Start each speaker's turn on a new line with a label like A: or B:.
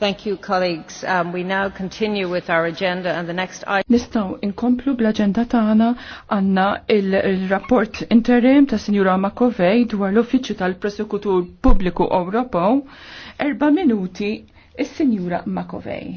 A: Thank you, colleagues. Um,
B: Nistaw inkomplu bl-agenda tagħna għandna il-rapport interim ta' Sinjura Makovej dwar l-Uffiċċju tal-Prosekutur Pubbliku Ewropew. Erba' minuti is-Sinjura Makovej.